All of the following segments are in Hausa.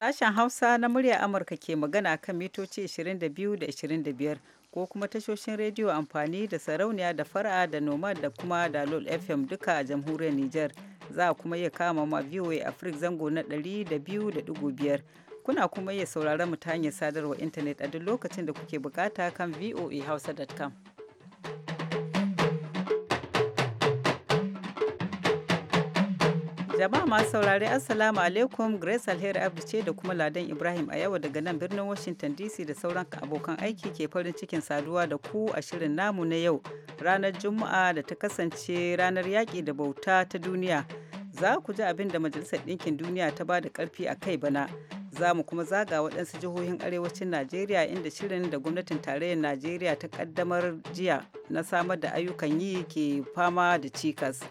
Sashen Hausa na murya Amurka ke magana kan mitoci 22 da 25 ko kuma tashoshin rediyo amfani da sarauniya da fara da noma da kuma dalol FM duka a jamhuriyar Nijar. Za a kuma iya kama ma VOA Africa zango na 200.5. Kuna kuma iya sauraron mu ta hanyar sadarwa intanet a duk lokacin da kuke bukata kan voahausa.com. Jama'a masu saurare Assalamu alaikum Grace Alheri Abdu ce da kuma Ladan Ibrahim a yau daga nan birnin Washington DC da sauran abokan aiki ke farin cikin saduwa da ku a shirin namu na yau ranar Juma'a da ta kasance ranar yaƙi da bauta ta duniya. Za ku ji abin da Majalisar Ɗinkin Duniya ta ba da ƙarfi a kai bana. Za mu kuma zaga waɗansu jihohin arewacin Najeriya inda shirin da gwamnatin tarayyar Najeriya ta ƙaddamar jiya na samar da ayyukan yi ke fama da cikas.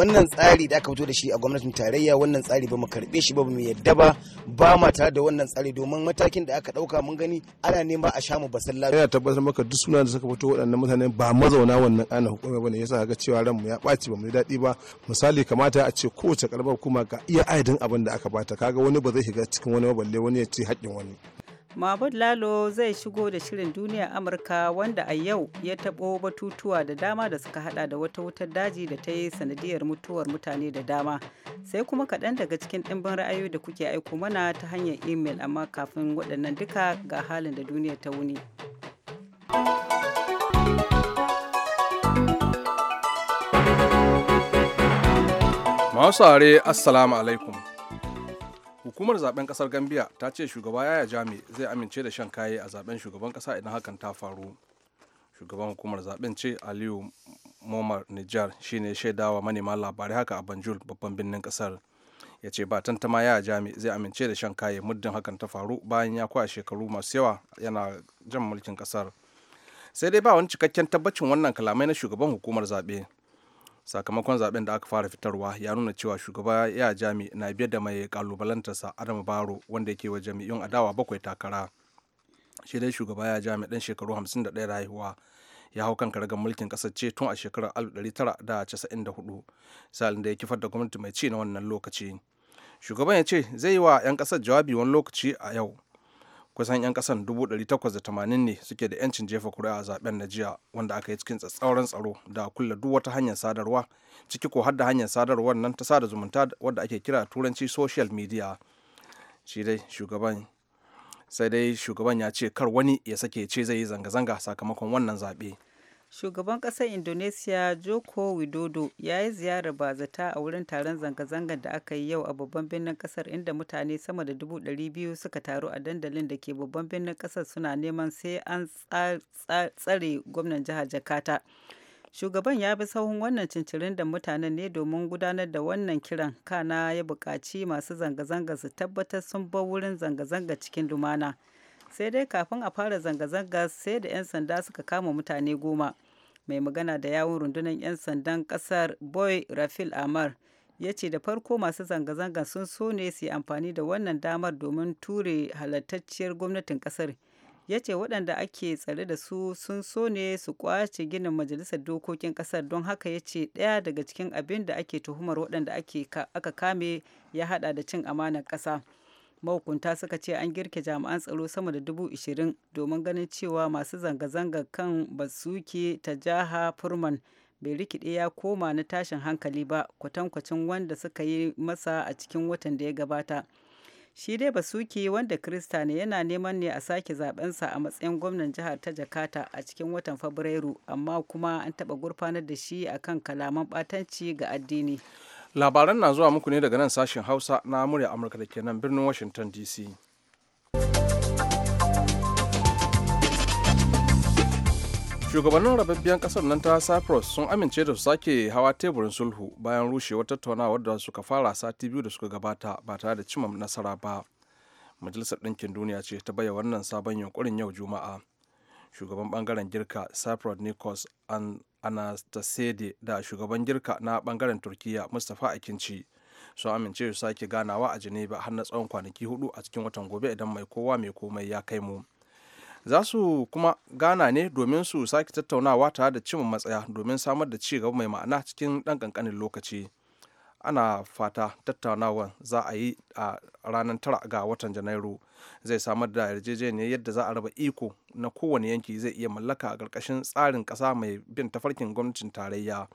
wannan tsari da aka fito da shi a gwamnatin tarayya wannan tsari ba mu karbe shi ba mu yadda ba ba ma tare da wannan tsari domin matakin da aka dauka mun gani ana nema a sha mu basalla ina tabbatar maka duk sunan da suka fito waɗannan mutane ba mazauna wannan ana hukuma bane yasa ga cewa ranmu ya ɓaci ba mu yi daɗi ba misali kamata a ce kowace karbar kuma ga iya adadin abin da aka bata kaga wani ba zai shiga cikin wani balle wani ya ci haƙƙin wani Mahmud Lalo zai shigo da shirin duniya Amurka wanda a yau ya taɓo batutuwa da dama da suka hada da wata wutar daji da ta yi sanadiyar mutuwar mutane da dama. Sai kuma kaɗan daga cikin ɗimbin ra'ayoyi da kuke aiko mana ta hanyar imel amma kafin waɗannan duka ga halin da duniya ta wuni. Masu are Assalamu alaikum. hukumar zaben kasar gambia ta ce shugaba yaya jami zai amince da shan kaye a zaben shugaban kasa idan hakan ta faru shugaban hukumar zaben ce aliyu momar nijar shine shaidawa manema labarai haka a banjul babban birnin kasar ya ce ba tantama yaya jami zai amince da shan kaye muddin hakan ta faru bayan ya kwa shekaru masu yawa yana jan mulkin kasar sai dai ba wani cikakken tabbacin wannan kalamai na shugaban hukumar zaɓe sakamakon zaben da aka fara fitarwa ya nuna cewa shugaba ya jami na biyar da mai kalubalantarsa adamu baro wanda yake wa jami'un adawa bakwai takara shi dai shugaba ya jami dan shekaru 51 da haihuwa ya hau kan karagar mulkin kasar ce tun a shekarar 1994 salin da ya kifar da gwamnati mai ci na wannan lokaci shugaban ya ce zai yi wa 'yan kasar jawabi wani lokaci a yau kusan 'yan kasan 880 ne suke da 'yancin jefa kuri'a a zaben na jiya wanda aka yi cikin tsatsauran tsaro da kulle duk wata hanyar sadarwa ciki ko har hanyar sadarwar nan ta sada zumunta wadda ake kira turanci social media sai dai shugaban ya ce kar wani ya sake ce zai yi zanga-zanga sakamakon wannan zaɓe. Shugaban ƙasar Indonesiya Joko Widodo ya yi ziyarar bazata a wurin taron zanga-zangar da aka yi yau a babban birnin ƙasar inda mutane sama da dubu ɗari biyu suka taru a dandalin da ke babban birnin ƙasar suna neman sai an tsare gwamnan jihar Jakarta. Shugaban ya bi sahun wannan cincirin da mutanen ne domin gudanar da wannan kiran kana ya buƙaci masu zanga-zanga su tabbatar sun bar wurin zanga-zanga cikin lumana. sai dai kafin a fara zanga-zanga sai da 'yan sanda suka kama mutane goma mai magana da yawun rundunar 'yan sandan kasar boy rafil amar ya ce da farko masu zanga-zanga sun so ne su yi amfani da wannan damar domin ture halattacciyar gwamnatin kasar ya ce waɗanda ake tsare da su sun so ne su kwace ginin majalisar dokokin kasar don haka ya ce ɗaya daga cikin abin da ake tuhumar waɗanda aka kame ya haɗa da cin amanar ƙasa. mahukunta suka ce an girke jami'an tsaro sama da dubu ishirin domin ganin cewa masu zanga-zanga kan basuki ta jaha furman bai rikide ya koma na tashin hankali ba kwatankwacin wanda suka yi masa a cikin watan da ya gabata shi dai basuki wanda krista ne yana neman ne a sake zabensa a matsayin gwamnan jihar ta jakata a cikin watan fabrairu amma kuma an taɓa gurfanar da shi akan kalaman ɓatanci ga addini labaran na zuwa muku ne daga nan sashen hausa na murya amurka da ke nan birnin washington dc shugabannin rababbiyan kasar nan ta cyprus sun amince da su sake hawa teburin sulhu bayan rushewar tattaunawar da suka fara sati biyu da suka gabata ba tare da cimma nasara ba majalisar ɗinkin duniya ce ta baya wannan sabon yunkurin yau juma'a shugaban bangaren girka cyprus nikos an anastasede da shugaban girka na bangaren turkiya mustapha akinci su amince su sake ganawa a geneva har na tsawon kwanaki hudu a cikin watan gobe idan mai kowa mai komai ya kai mu za su kuma gana ne domin su sake tattaunawa tare da cimma matsaya domin samar da ci gaba mai ma'ana cikin ɗan ƙanƙanin lokaci ana fata tattaunawan za a yi a ranar tara ga watan janairu zai samar da yarjejeniyar yadda za a raba iko na kowane yanki zai iya mallaka a ƙarƙashin tsarin ƙasa mai bin tafarkin gwamnatin tarayya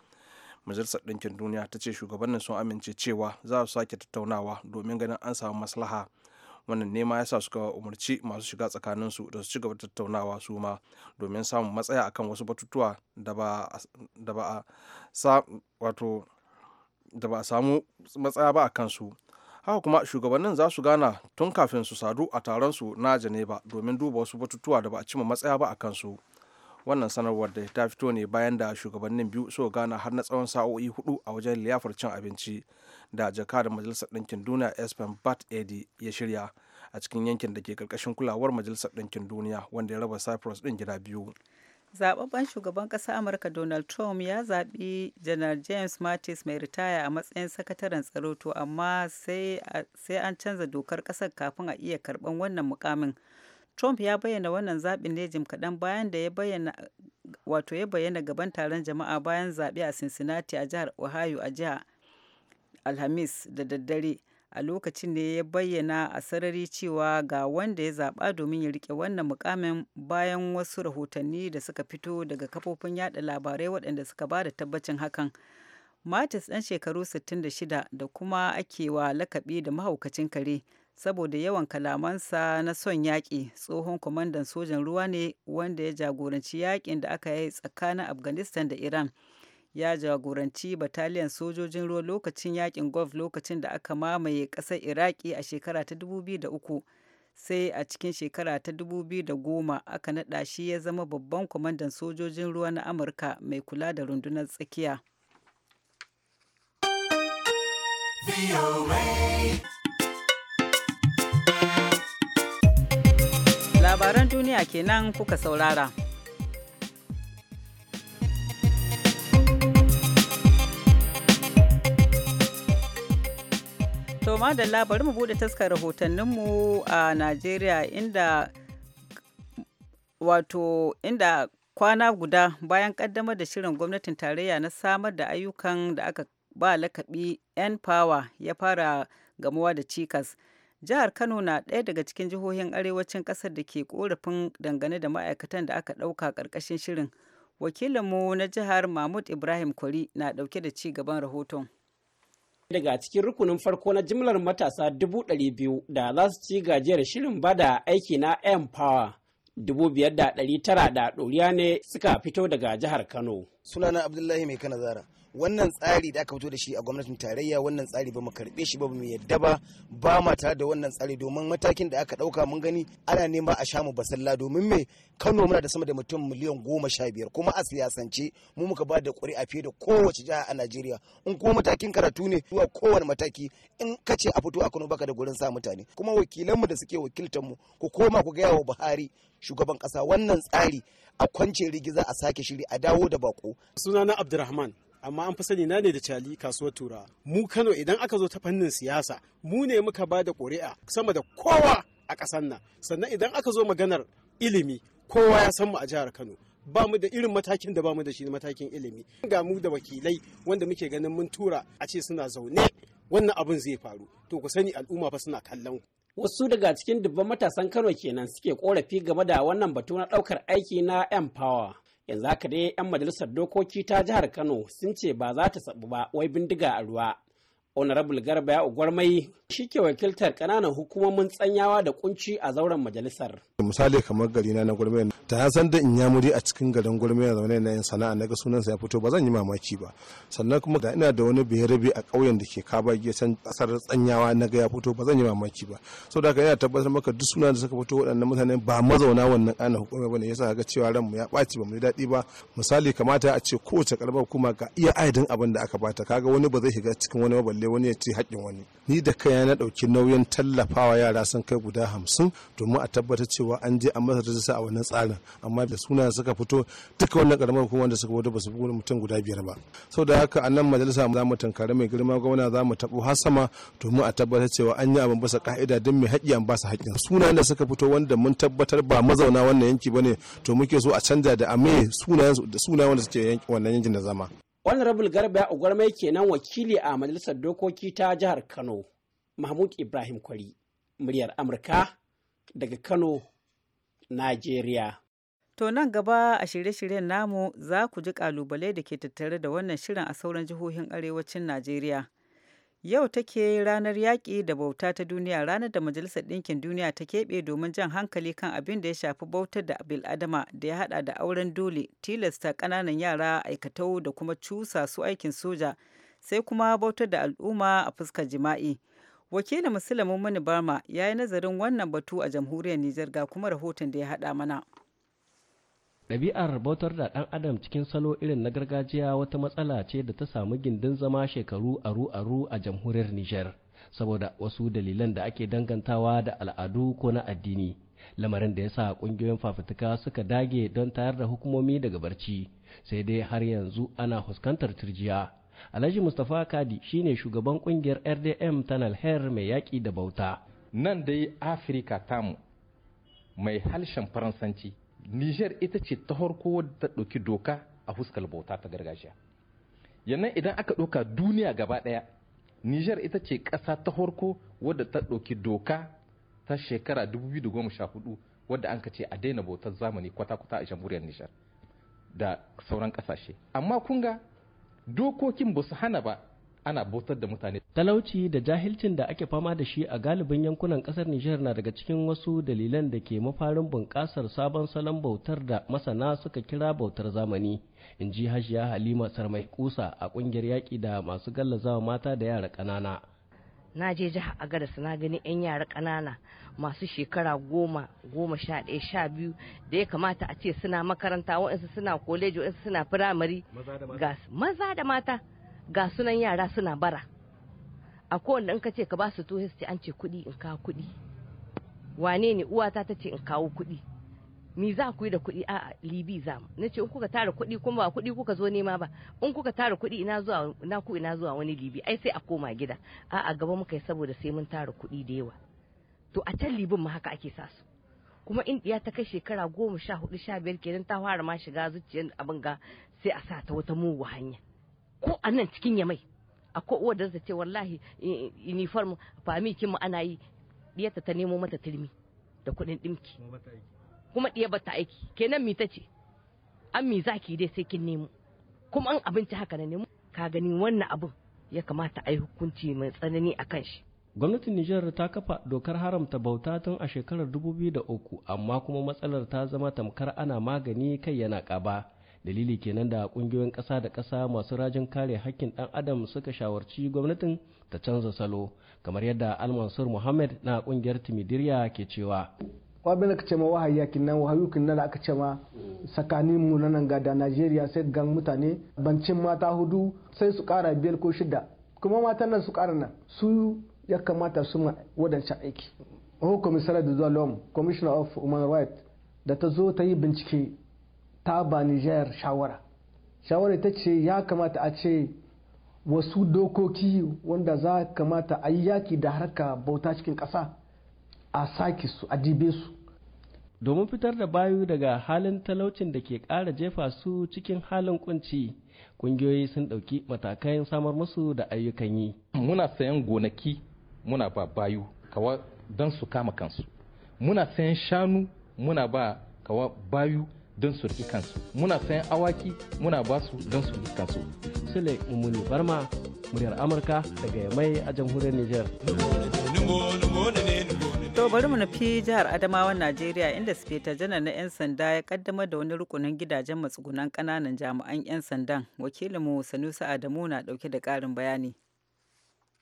majalisar ɗinkin duniya ta ce shugabannin sun amince cewa za su sake tattaunawa domin ganin an samu maslaha wannan nema ya sa suka umarci masu shiga tsakaninsu da su ci gaba tattaunawa su ma domin samun matsaya akan wasu batutuwa da ba a samu matsaya ba a kansu haka kuma shugabannin za su gana tun kafin su sadu a taron su na Geneva domin duba wasu batutuwa da ba a cima matsaya ba a kansu wannan sanarwar da ta fito ne bayan da shugabannin biyu so gana har na tsawon sa'o'i hudu a wajen liyafar cin abinci da jaka da majalisar ɗinkin duniya espen bat edi ya shirya a cikin yankin da ke karkashin kulawar majalisar ɗinkin duniya wanda ya raba cyprus ɗin gida biyu zababben shugaban ƙasa amurka donald trump ya zaɓi janar james mattis mai ritaya a matsayin sakataren tsaro to amma sai an canza dokar ƙasar kafin a iya karɓan wannan mukamin trump ya bayyana wannan zaɓin ne jim kaɗan bayan da ya bayyana wato ya bayyana gaban taron jama'a bayan zaɓe a cincinnati a jihar ohio a jihar alhamis da daddare a lokacin da ya bayyana a sarari cewa ga wanda ya zaɓa domin ya rike wannan mukamin bayan wasu rahotanni da suka fito daga kafofin yada labarai waɗanda suka ba da tabbacin hakan matis ɗan shekaru 66 da kuma ake wa lakabi da mahaukacin kare saboda yawan kalamansa na son yaƙi tsohon kwamandan sojan ruwa ne wanda ya jagoranci yaƙin da aka yi tsakanin afghanistan da iran ya jagoranci bataliyan sojojin ruwa lokacin yakin golf lokacin da aka mamaye ƙasar Iraki a shekara ta 2003 sai a cikin shekara ta 2010 aka naɗa shi ya zama babban kwamandan sojojin ruwa na Amurka mai kula da rundunar tsakiya. Labaran duniya kenan kuka saurara. To madalla bari mu bude taskar rahotanninmu a Najeriya inda wato inda kwana guda bayan kaddamar da shirin gwamnatin tarayya na samar da ayyukan da aka ba lakabi n power ya fara gamuwa da cikas jihar kano na ɗaya daga cikin jihohin arewacin ƙasar da ke korafin dangane da ma'aikatan da aka ɗauka ƙarƙashin shirin wakilinmu na jihar mahmud ibrahim kwari na ɗauke da ci gaban rahoton daga cikin rukunin farko na jimlar matasa dubu ɗari biyu da za su ci gajiyar shirin bada aiki na empower dubu biyar da ɗari tara da ɗoriya ne suka fito daga jihar kano sunana abdullahi mai kana zara wannan tsari da aka fito da shi a gwamnatin tarayya wannan tsari ba mu karbe shi ba mu yadda ba ba ma tare da wannan tsari domin matakin da aka dauka mun gani ana nema a shamu basalla domin me Kano muna da sama da mutum miliyan goma sha biyar kuma a siyasance mu muka ba da a fiye da kowace jiha a Najeriya in kuma matakin karatu ne zuwa kowane mataki in ka ce a fito a Kano baka da gurin sa mutane kuma wakilanmu da suke wakiltar mu ku koma ku gaya wa Buhari shugaban kasa wannan tsari a kwance rigiza a sake shiri a dawo da bako sunana Abdulrahman amma an fi sani na ne da cali kasuwar turawa mu kano idan aka zo ta fannin siyasa mu ne muka ba da ƙuri'a sama da kowa a ƙasar nan sannan idan aka zo maganar ilimi kowa ya san mu a jihar kano ba mu da irin matakin da ba mu da shi matakin ilimi ga mu da wakilai wanda muke ganin mun tura a ce suna zaune wannan abin zai faru to ku sani al'umma fa suna kallon wasu daga cikin dubban matasan kano kenan suke korafi game da wannan batu na daukar aiki na empower yanzu haka dai 'yan majalisar dokoki ta jihar kano sun ce ba za ta sabu ba wai bindiga a ruwa honorable garba ya ugwarmai shi ke wakiltar kananan hukumomin tsanyawa da kunci a zauren majalisar misali kamar gari na gwarmai ta ya san da in ya muri a cikin garin gwarmai na zaune na yin sana'a na ga sunansa ya fito ba zan yi mamaki ba sannan kuma da ina da wani berabe a ƙauyen da ke kaba san kasar tsanyawa na ga ya fito ba zan yi mamaki ba saboda haka ina tabbatar maka duk sunan da suka fito waɗannan mutane ba mazauna wannan ana hukumar bane yasa ga cewa ranmu ya ɓaci ba mu yi daɗi ba misali kamata a ce kowace karbar kuma ga iya aidin abin da aka bata kaga wani ba zai shiga cikin wani maballe balle wani ya ce haƙƙin wani ni da kai na ɗauki nauyin tallafawa yara sun kai guda hamsin domin a tabbatar cewa an je a masa da a wannan tsarin amma da suna suka fito duka wannan ƙaramar hukumar da suka fito ba su fi mutum guda biyar ba sau da haka a nan majalisa za mu tankari mai girma gwamna za mu taɓo har sama domin a tabbatar cewa an yi abin basa ka'ida don mai haƙƙi an ba su haƙƙin sunayen da suka fito wanda mun tabbatar ba mazauna wannan yanki ba ne to muke so a canja da a me sunayen wanda suke wannan yankin da zama honorable garba ugwarmai kenan wakili a majalisar dokoki ta jihar kano mahmud ibrahim kwari muryar amurka daga kano najeriya To nan gaba a shirye-shiryen namu za ku ji kalubale da ke tattare da wannan shirin a sauran jihohin arewacin Najeriya. Yau take ranar yaƙi da bauta ta duniya ranar da Majalisar Ɗinkin Duniya ta keɓe domin jan hankali kan abin da ya shafi bautar da bil'adama da ya haɗa da auren dole, tilasta ƙananan yara aikatau da kuma cusa su aikin soja, sai kuma bautar da al'umma a fuskar jima'i. Wakilin Musulmin mani Barma ya yi nazarin wannan batu a jamhuriyar Nijar ga kuma rahoton da ya haɗa mana. ɗabi'ar bautar da ɗan adam cikin salo irin na gargajiya wata matsala ce da ta samu gindin zama shekaru aru-aru a jamhuriyar Nijar saboda wasu dalilan da ake dangantawa da al'adu ko na addini lamarin da ya sa ƙungiyoyin fafutuka suka dage don tayar da hukumomi daga barci sai dai har yanzu ana fuskantar turjiya alhaji mustapha kadi shine shugaban ƙungiyar rdm tanal her mai yaƙi da bauta nan dai afirka tamu mai harshen faransanci niger ita ce ta harko wadda ta ɗauki doka a fuskar bauta ta gargajiya yannan idan aka ɗauka duniya gaba ɗaya niger ita ce ƙasa ta harko wadda ta ɗauki doka ta shekara 2014 wadda an ka ce a daina bautar zamani kwata-kwata a jamhuriyar niger da sauran ƙasashe amma kunga ga dokokin ba su hana ba ana bautar da mutane. Talauci da jahilcin da ake fama da shi a galibin yankunan kasar Nijar na daga cikin wasu dalilan da ke mafarin bunƙasar sabon salon bautar da masana suka kira bautar zamani. In ji Hajiya Halima Sarmai Kusa a ƙungiyar yaƙi da masu gallazawa mata da yara ƙanana. Na je jiha a gada na gani 'yan yara ƙanana masu shekara goma goma sha ɗaya sha biyu da ya kamata a ce suna makaranta wa'insu suna koleji wa'insu suna firamare maza da mata ga sunan yara suna bara a kowanne in ka ce ka ba su tuhe su ce an ce kuɗi in kawo kuɗi wane ne uwata ta ce in kawo kuɗi mi za ku yi da kuɗi a libi za mu na ce in kuka tara kuɗi kuma ba kuɗi kuka zo nema ba in kuka tara kuɗi ina zuwa na ku ina zuwa wani libi ai sai a koma gida a a gaba muka yi saboda sai mun tara kuɗi da yawa to a can libin ma haka ake sa su kuma in ya ta kai shekara goma sha hudu sha biyar kenan ta fara ma shiga zuciyar abin ga sai a sa ta wata mugu hanya ko a nan cikin yamai akwai uwar da ce wallahi uniform fami kin mu ana yi diyarta ta nemo mata turmi da kuɗin dimki kuma diyar bata aiki kenan mi ta ce an mi zaki dai sai kin nemo kuma an abinci haka na nemo ka gani wannan abun ya kamata a hukunci mai tsanani a kan shi gwamnatin Nijar ta kafa dokar haramta bauta tun a shekarar 2003 amma kuma matsalar ta zama tamkar ana magani kai yana ƙaba dalili kenan da kungiyoyin ƙasa da ƙasa masu rajin kare hakkin ɗan adam suka shawarci gwamnatin ta canza salo kamar yadda almansur muhammad na kungiyar timidiriya ke cewa wabin da ka ce ma nan wahayukin nan aka ce ma tsakanin mu na nan ga da najeriya sai gan mutane bancin mata hudu sai su kara biyar ko shida kuma matan nan su kara nan su ya kamata su ma wadancan aiki hukumin sarar da zuwa lom commissioner of human rights da ta zo ta yi bincike ta ba Nijar shawara shawara ta ce ya kamata a ce wasu dokoki wanda za kamata a yi yaki da harka bauta cikin ƙasa a sake su a dibe su domin fitar da bayu daga halin talaucin da ke ƙara jefa su cikin halin kunci ƙungiyoyi sun ɗauki matakan samar musu da ayyukan yi muna sayan gonaki muna ba bayu kawa don su kama kansu muna sayan shanu muna ba kawa bayu don su riƙi kansu muna sayan awaki muna basu don su riƙi kansu sule mummuni barma muryar amurka daga yamai a jamhuriyar niger to bari mu nufi jihar adamawan najeriya inda sufeta janar na 'yan sanda ya kaddamar da wani rukunin gidajen matsugunan kananan jami'an 'yan sandan wakilinmu sanusi adamu na dauke da karin bayani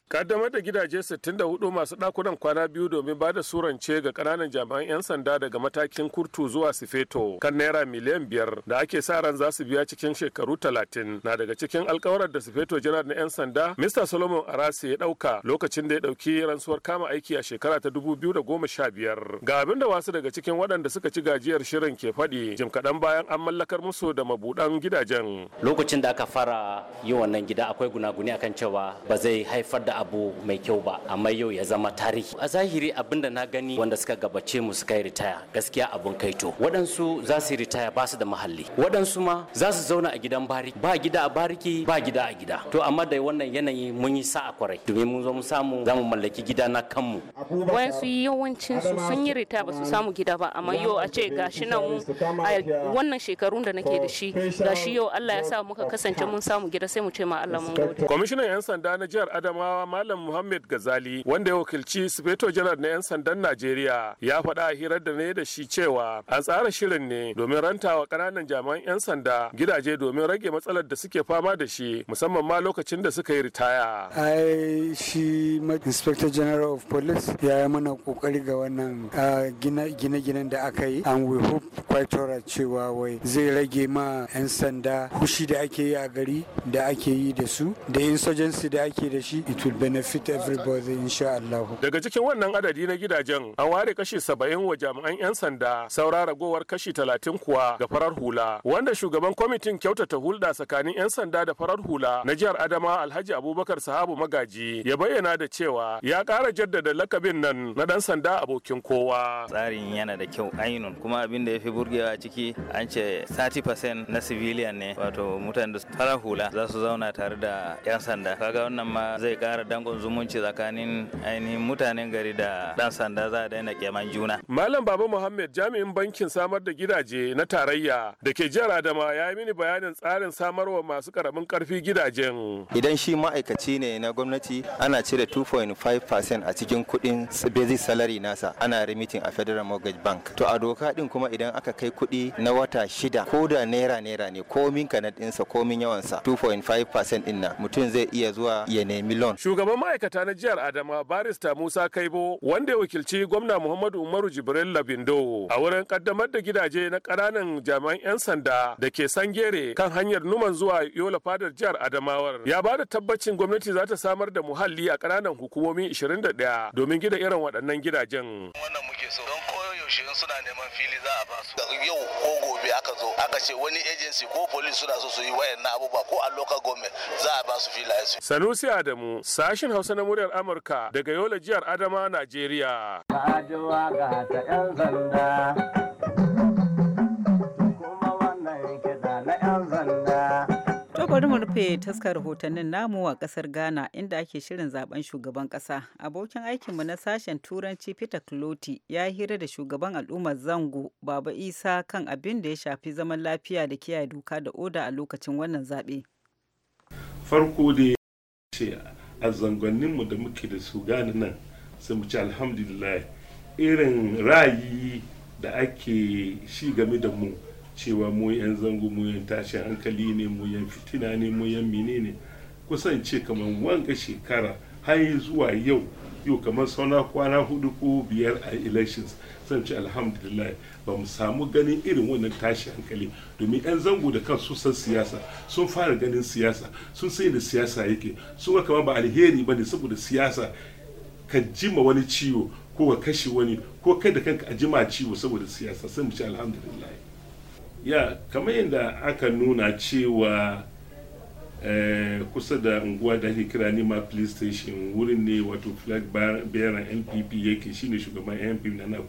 kaddamar da gidaje 64 masu dakunan kwana biyu domin ba da surance ga kananan jami'an 'yan sanda daga matakin kurtu zuwa sifeto kan naira miliyan biyar da ake sa ran za su biya cikin shekaru 30 na daga cikin alkawarar da sifeto janar na 'yan sanda mr solomon arasi ya ɗauka lokacin da ya ɗauki rantsuwar kama aiki a shekara ta 2015 ga abin da wasu daga cikin waɗanda suka ci gajiyar shirin ke faɗi jim kaɗan bayan an mallakar musu da mabuɗan gidajen lokacin da aka fara yi wannan gida akwai gunaguni akan cewa ba zai haifar da da abu mai kyau ba amma yau ya zama tarihi a zahiri abin da na gani wanda suka gabace mu suka yi ritaya gaskiya abin kaito waɗansu za su yi ritaya ba su da mahalli waɗansu ma za su zauna a gidan bariki ba gida a bariki ba gida a gida to amma da wannan yanayi mun yi sa'a kwarai domin mun zo mu samu za mu mallaki gida na kanmu wayansu yawancin su sun yi ritaya ba su samu gida ba amma yau a ce gashi nan wannan shekarun da nake da shi gashi yau Allah ya sa muka kasance mun samu gida sai mu ce ma Allah mun gode kwamishinan yan sanda na jihar Adamawa Malam Muhammad Gazali wanda ya wakilci Sufeto Janar na 'yan sandan Najeriya ya faɗa a hirar da ne da shi cewa an tsara shirin ne domin ranta wa ƙananan jami'an 'yan sanda gidaje domin rage matsalar da suke fama da shi musamman ma lokacin da suka yi ritaya. Ai shi Inspector General of Police ya yi mana kokari ga wannan gine-ginen da aka yi an we hope quite cewa wai zai rage ma 'yan sanda hushi da ake yi a gari da ake yi da su da insurgency da ake da shi will benefit everybody insha Allah. Daga cikin wannan adadi na gidajen an ware kashi saba'in wa jami'an 'yan sanda saura ragowar kashi talatin kuwa ga farar hula wanda shugaban kwamitin kyautata hulɗa tsakanin 'yan sanda da farar hula na jihar Adama Alhaji Abubakar Sahabu Magaji ya bayyana da cewa ya ƙara jaddada lakabin nan na dan sanda abokin kowa. Tsarin yana da kyau ainun kuma abin da ya fi burgewa ciki an ce 30% na civilian ne wato mutane da farar hula za su zauna tare da 'yan sanda kaga wannan ma zai ƙara ƙara dangon zumunci tsakanin ainihin mutanen gari da ɗan sanda za a daina keman juna. Malam Baba Muhammad jami'in bankin samar da gidaje na tarayya da ke jihar Adama ya yi mini bayanin tsarin samarwa masu karamin karfi gidajen. Idan shi ma'aikaci ne na gwamnati ana cire 2.5% a cikin kuɗin basic salary nasa ana remitin a Federal Mortgage Bank. To a doka din kuma idan aka kai kuɗi na wata shida ko da naira naira ne komin kanadinsa komin yawansa 2.5% ɗin na mutum zai iya zuwa ya nemi loan. Shugaban ma'aikata na jihar Adama barista Musa Kaibo wanda ya wakilci gwamna Muhammadu Umaru Jibril Labindo a wurin kaddamar da gidaje na kananan jami'an 'yan sanda da ke Sangere kan hanyar Numan zuwa Yola fadar jihar Adamawar. Ya ba da tabbacin gwamnati za ta samar da muhalli a kananan hukumomi 21 domin gida irin waɗannan gidajen. yaushe suna neman fili za a basu yau ko gobe aka zo aka ce wani agency ko police suna so su yi wayannan abubuwa ko a local government za a basu fili su Sanusi Adamu sashin Hausa na muryar Amurka daga Yola jihar Adama Najeriya ga ta yan sanda karfe taska rahotannin namu a kasar Ghana inda ake shirin zaben shugaban kasa. Abokin aikinmu na sashen Turanci Peter Kloti ya hira da shugaban al'ummar Zango Baba Isa kan abin da ya shafi zaman lafiya da kiyaye doka da oda a lokacin wannan zaɓe. Farko da ce a zangonninmu da muke da su Ghana nan sai mu ci alhamdulillah irin ra'ayi da ake shi game da mu. cewa mu yan zango mu yan tashin hankali ne mu yan fitina ne mu yan mine ne kusan ce kamar wanga shekara har zuwa yau yau kamar sauna kwana hudu ko biyar a elections zan ce alhamdulillah ba mu samu ganin irin wannan tashi hankali domin 'yan zango da kan sun siyasa sun fara ganin siyasa sun sai da siyasa yake sun kama ba alheri ba ne saboda siyasa ka jima wani ciwo ko ka kashe wani ko kai da kanka a jima ciwo saboda siyasa sai ce alhamdulillah ya kamar yadda aka nuna cewa eh, kusa da unguwa da ake kira nima police station wurin ne wato flag bearer npp yake shine shugaban npp na na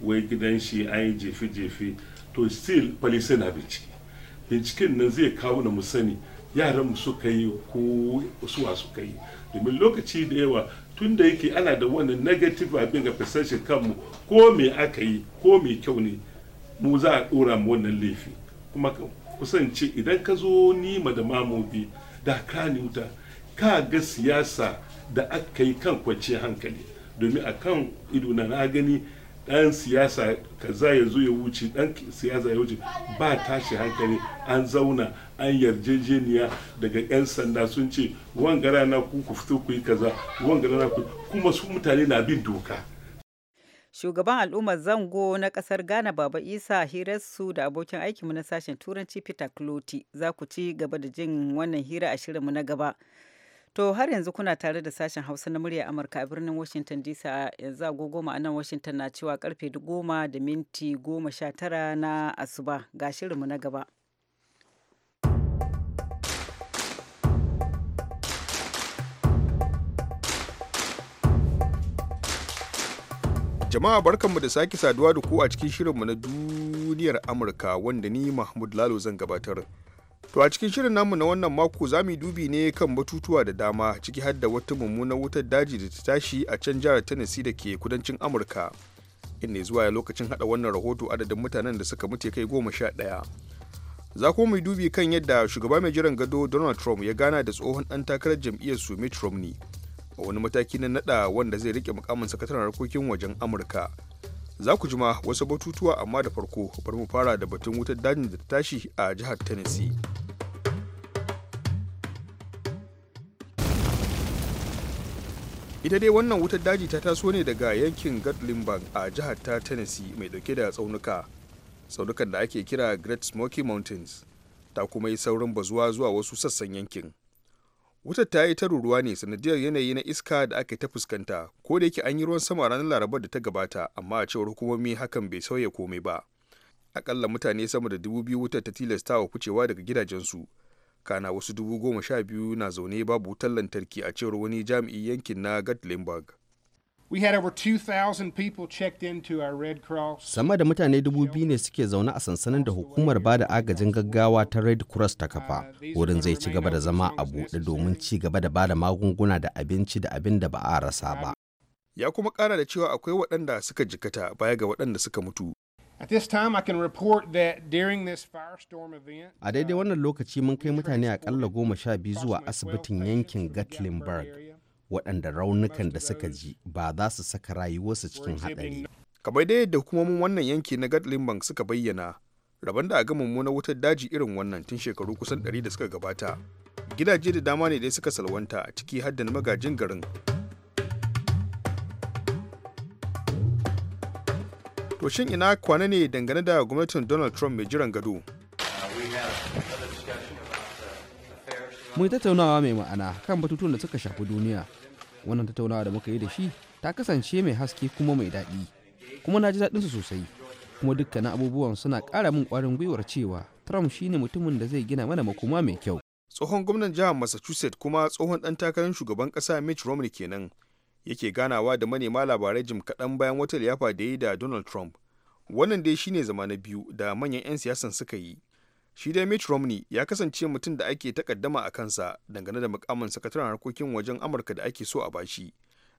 wai gidan shi an yi jefe-jefe to still police na bincike binciken nan zai kawo na mu sani yaran mu suka yi ko suwa suka yi domin lokaci da yawa tun da yake ana da wannan negative abin ga fasashin kanmu ko me aka yi ko me kyau ne mu za a ɗora mu wannan laifi kuma kusance idan ka zo nima da mamobi da wuta ka ga siyasa da aka yi kan kwanciyar hankali domin a kan iduna na gani ɗan siyasa kaza ya zo ya wuce ɗan siyasa ya wuce ba tashi hankali an zauna an yarjejeniya daga 'yan sanda sun ce wangara na ku ku fito ku yi kaza wangara na ku kuma su mutane na bin doka shugaban al'ummar zango na kasar ghana baba isa hirarsu da abokin aikinmu na sashen turanci peter cloti za ku ci gaba da jin wannan hira a shirinmu na gaba to har yanzu kuna tare da sashen hausa na murya amurka a birnin washington dc a yanzu agogo a nan washington na cewa karfe goma da minti goma na asuba ga shirinmu na gaba Jama'a barkanmu da sake saduwa da ku a cikin shirinmu na duniyar Amurka wanda ni Mahmud Lalo zan gabatar. To a cikin shirin namu na wannan mako za mu dubi ne kan batutuwa da dama ciki har da wata mummunar wutar daji da ta tashi a can jihar Tennessee da ke kudancin Amurka. Inda zuwa ya lokacin hada wannan rahoto adadin mutanen da suka mutu kai goma sha ɗaya. Za kuma mu dubi kan yadda shugaba mai jiran gado Donald Trump ya gana da tsohon ɗan takarar jam'iyyar su Mitt Romney. a wani mataki na nada wanda zai rike mukamin sakataren harkokin wajen amurka za ku jima wasu batutuwa amma da farko bar mu fara da batun wutar dajin da ta tashi a jihar tennessee ita dai wannan wutar daji ta taso ne daga yankin gatlinburg a jihar ta tennessee mai dauke da tsaunuka tsaunukan da ake kira great smoky mountains ta kuma yi saurin bazuwa zuwa wasu sassan yankin wutar ta yi ta ruruwa ne sanadiyar yanayi na iska da aka ta fuskanta ko da yake an yi ruwan sama ranar larabar da ta gabata amma a cewar hukumomi hakan bai sauya komai ba akalla mutane sama da dubu biyu wutar ta tilasta wa ficewa daga gidajensu kana wasu dubu goma sha biyu na zaune babu wutar lantarki a cewar wani jami'i yankin na gatlinburg We had over 2,000 people checked into our Red Cross. Sama da mutane dubu biyu ne suke zaune a sansanin da hukumar bada agajin gaggawa ta Red Cross ta kafa. Uh, Wurin zai ci gaba da zama a buɗe domin ci gaba da bada magunguna da abinci da abin da ba a rasa ba. Ya kuma ƙara da cewa akwai waɗanda suka jikata baya ga waɗanda suka mutu. At this can report that during this firestorm event, a daidai uh, wannan lokaci mun kai mutane a akalla goma sha biyu zuwa asibitin yankin Gatlinburg. waɗanda raunukan da suka ji ba za su saka rayuwarsu cikin haɗari. kamar dai yadda hukumomin wannan yanki na gatlinburg suka bayyana rabon da a ga mummunar wutar daji irin wannan tun shekaru kusan 100 da suka gabata gidaje da dama ne dai suka salwanta a ciki har na magajin garin to shin ina kwana ne dangane da gwamnatin donald trump mai jiran gado mun tattaunawa mai ma'ana kan batutuwan da suka shafi duniya wannan tattaunawa da muka yi da shi ta kasance mai haske kuma mai daɗi kuma na ji daɗinsu sosai kuma dukkanin abubuwan suna ƙara min ƙwarin gwiwar cewa trump shine mutumin da zai gina mana makoma mai kyau tsohon gwamnan jihar massachusetts kuma tsohon ɗan takarar shugaban ƙasa mitch romney kenan yake ganawa da manema labarai jim kaɗan bayan wata liyafa da yi da donald trump wannan dai shine zama na biyu da manyan 'yan siyasan suka yi shi dai Mitt Romney ya kasance mutum da ake takaddama a kansa dangane da mukamin sakataren harkokin wajen Amurka da ake so a bashi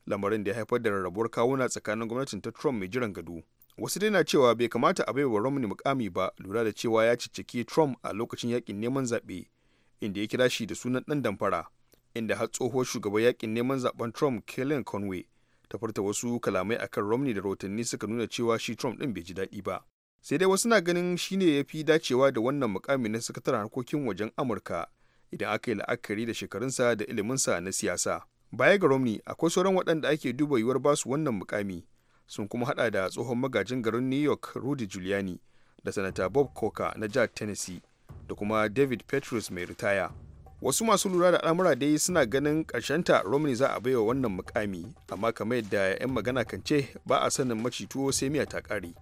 lamarin da ya haifar da rarrabuwar kawuna tsakanin gwamnatin ta Trump mai jiran gado wasu dai na cewa bai kamata a baiwa Romney mukami ba lura da cewa ya cicciki Trump a lokacin yakin neman zaɓe inda ya kira shi da sunan ɗan damfara inda har tsohuwar shugaban yakin neman zaɓen Trump kellen Conway ta furta wasu kalamai akan Romney da rahotanni suka nuna cewa shi Trump ɗin bai ji daɗi ba sai dai wasu na ganin shine ya fi dacewa da wannan mukami na sakataren harkokin wajen amurka idan aka yi la'akari da shekarunsa da iliminsa na siyasa baya ga romney akwai sauran waɗanda ake duba yiwuwar basu wannan mukami sun kuma hada da tsohon magajin garin new york rudy giuliani da sanata bob coker na jihar tennessee da kuma david petrus mai ritaya wasu masu lura da al'amura dai suna ganin karshen ta romney za a baiwa wannan mukami amma kamar yadda 'yan magana kan ce ba a sanin tuwo sai miya ta kare.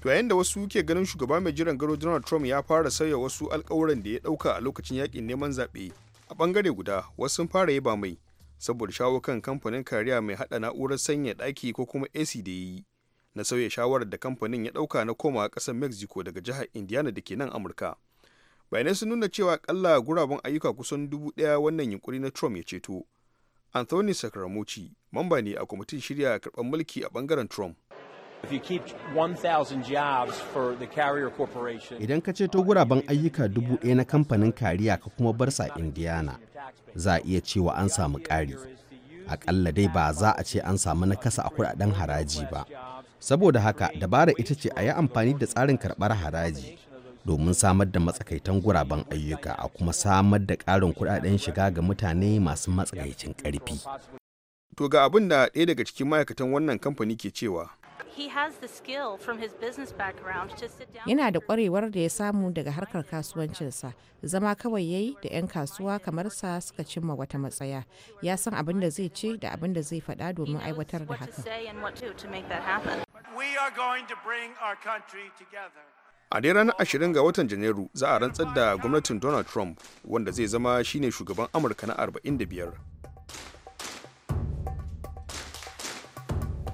to yayin da wasu ke ganin shugaba mai jiran gado donald trump ya fara sauya wasu alkawuran da ya dauka a lokacin yakin neman zaɓe a bangare guda wasu sun fara yaba mai saboda shawo kan kamfanin kariya mai hada na'urar sanya ɗaki ko kuma ac da ya yi na sauya shawarar da kamfanin ya dauka na komawa ƙasar mexico daga jihar indiana da ke nan amurka bayanai sun nuna cewa kalla guraben ayyuka kusan dubu ɗaya wannan yunkuri na trump ya ceto anthony sacramochi mamba ne a kwamitin shirya karɓar mulki a bangaren trump Idan ka ceto guraben ayyuka dubu ɗaya na kamfanin kariya ka kuma barsa sa Indiana, za a iya cewa an samu ƙari. Aƙalla dai ba za a ce an samu nakasa a kuɗaɗen haraji ba. Saboda haka dabara ita ce a yi amfani da tsarin karɓar haraji domin samar da matsakaitan guraben ayyuka a kuma samar da ƙarin kuɗaɗen shiga ga mutane masu matsakaicin ƙarfi. To ga abin da ɗaya daga cikin ma'aikatan wannan kamfani ke cewa. Yana da kwarewar da ya samu daga harkar kasuwancinsa, zama kawai yayi da 'yan kasuwa kamar sa suka cimma wata matsaya. Ya san abin da zai ce da abin da zai faɗa domin aiwatar da haka. A dai ranar 20 ga watan Janairu za a rantsar da gwamnatin Donald Trump wanda zai zama shine shugaban Amurka na 45.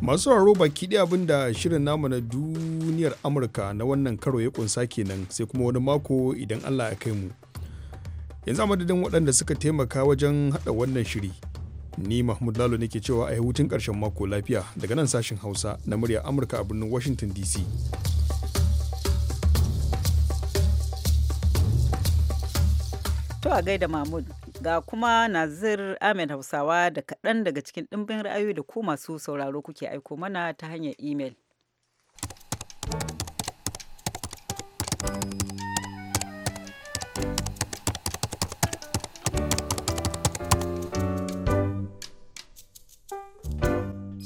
masu haro baki ɗaya abin da shirin namu na duniyar amurka na wannan karo ya ƙunsa kenan sai kuma wani mako idan allah ya kai mu yanzu a madadin waɗanda suka taimaka wajen haɗa wannan shiri ni mahmud lalo nake cewa a hutun ƙarshen mako lafiya daga nan sashen hausa na murya amurka a birnin washington dc to a gaida mahmud Ga kuma Nazir Ahmed Hausawa da kaɗan daga cikin ɗimbin ra'ayoyi da ku masu sauraro kuke aiko mana ta hanyar imel.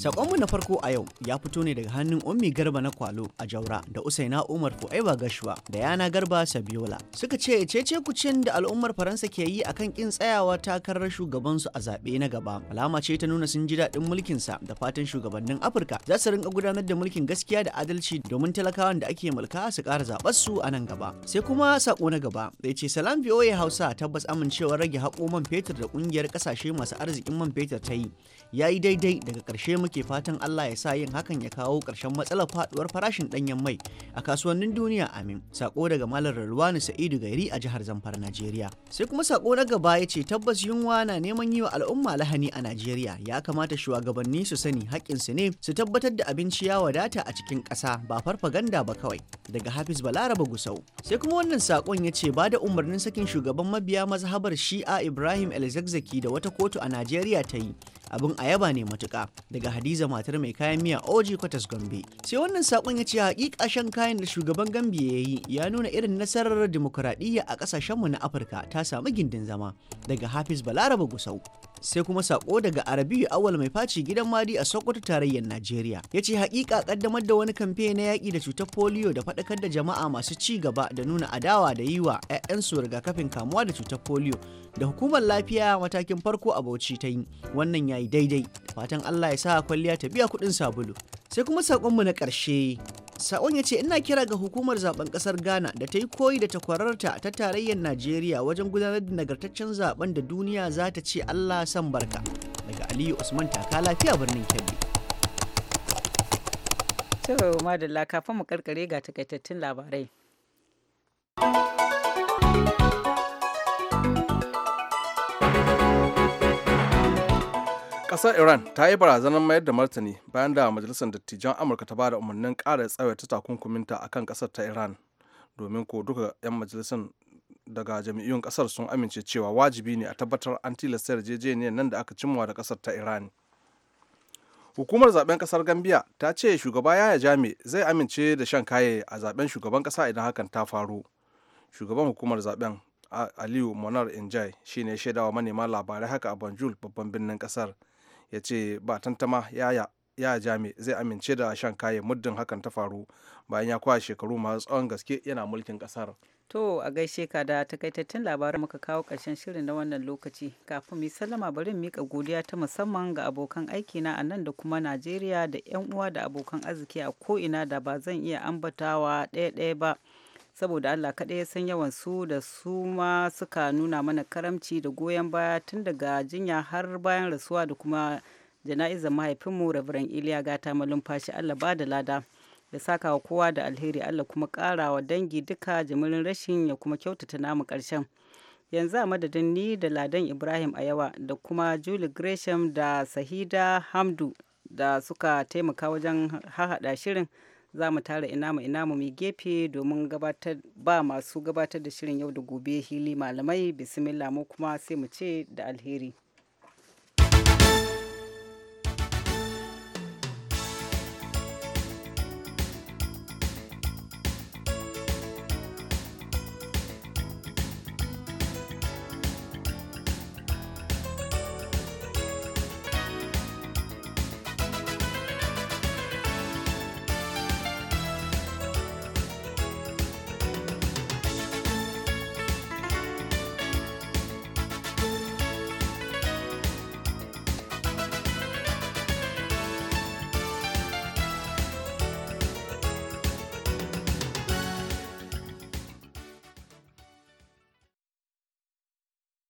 Sakonmu na farko a yau ya fito ne daga hannun Ummi Garba na Kwalo a Jaura da Usaina Umar Fu'aiba Gashuwa da Yana Garba Sabiola. Suka ce cece kucin da al'ummar Faransa ke yi akan kin tsayawa takarar shugabansu a zaɓe na gaba. Alama ce ta nuna sun ji daɗin sa da fatan shugabannin Afirka za su rinka gudanar da mulkin gaskiya da adalci domin talakawan da ake mulka su ƙara zaɓar su a nan gaba. Sai kuma sako na gaba da ce salam VOA Hausa tabbas amincewar rage haƙo man fetur da ƙungiyar ƙasashe masu arzikin man fetur ta yi. Ya yi daidai daga ƙarshe muke fatan Allah ya sa yin hakan ya kawo ƙarshen matsalar faduwar farashin ɗanyen mai a kasuwannin duniya amin. Sako daga Malam Rilwani Sa'idu Gairi a jihar Zamfara Najeriya. Sai kuma sako na gaba ya ce tabbas yunwa na neman yi wa al'umma lahani a Najeriya ya kamata shugabanni su sani haƙƙinsu ne su tabbatar da abinci ya wadata a cikin ƙasa ba farfaganda ba kawai. Daga Hafiz Balaraba Gusau. Sai kuma wannan sakon ya ce ba da umarnin sakin shugaban mabiya mazhabar Shi'a Ibrahim el da wata kotu a Najeriya ta yi abin a yaba ne matuka daga hadiza matar mai kayan miya oji kwatas gombe sai wannan sakon ya ce hakika shan kayan da shugaban gambe ya yi ya nuna irin nasarar dimokuraɗiyya a ƙasashenmu na afirka ta samu gindin zama daga hafiz balaraba gusau sai kuma sako daga arabiyu awal mai faci gidan madi a sokoto tarayyar najeriya ya ce hakika kaddamar da wani kamfe na yaƙi da cutar polio da faɗakar da jama'a masu ci gaba da nuna adawa da yi wa 'ya'yansu rigakafin kamuwa da cutar polio da hukumar lafiya matakin farko a bauchi ta yi wannan ya yi daidai fatan allah ya sa kwalliya ta biya kuɗin sabulu sai kuma sakonmu na ƙarshe Sakon ya ce ina kira ga hukumar zaben kasar Ghana da ta yi koyi da takwararta ta tarayyar Najeriya wajen gudanar da nagartaccen zaben da duniya za ta ce Allah san barka. Daga Aliyu Usman Taka lafiya birnin Kebbi. To madalla kafin mu karkare ga takaitattun labarai. Ƙasar Iran ta yi barazanar mayar da martani bayan da Majalisar Dattijan Amurka ta bada umarnin ƙara tsawaita takunkuminta a kan ƙasar ta Iran. Domin ko duka 'yan majalisar daga jami'un ƙasar sun amince cewa wajibi ne a tabbatar an tilasta yarjejeniyar nan da aka cimma da ƙasar ta Iran. Hukumar zaben ƙasar Gambia ta ce shugaba Yaya Jami zai amince da shan kaye a zaben shugaban ƙasa idan hakan ta faru. Shugaban hukumar zaben Aliyu Monar Injai shine shaidawa manema labarai haka a Banjul babban birnin ƙasar. ya ce ba tantama yaya ya jami zai amince da shan kaye muddin hakan ta faru bayan ya kwa shekaru masu tsawon gaske yana mulkin kasar to a gaishe ka da takaitattun labarai muka kawo karshen shirin na wannan lokaci kafin mu sallama bari miƙa godiya ta musamman ga abokan aiki na a nan da kuma Najeriya da yan uwa da abokan arziki a ko ina da ba zan iya ambatawa ɗaya ɗaya ba saboda Allah kaɗai ya san yawan su da su ma suka nuna mana karamci da goyon baya tun daga jinya har bayan rasuwa da kuma jana'izar mahaifinmu rabiran Iliya Gata Malumfashi Allah ba da lada da saka wa kowa da alheri Allah kuma ƙara wa dangi duka jimirin rashin ya kuma kyautata namu ƙarshen. Yanzu a madadin ni da Ladan Ibrahim a yawa da kuma Julie Gresham da Sahida Hamdu da suka taimaka wajen hahaɗa shirin. za mu tara ina ina mu mai gefe domin ba masu gabatar da shirin yau da gobe hili malamai bismillah mu kuma sai mu ce da alheri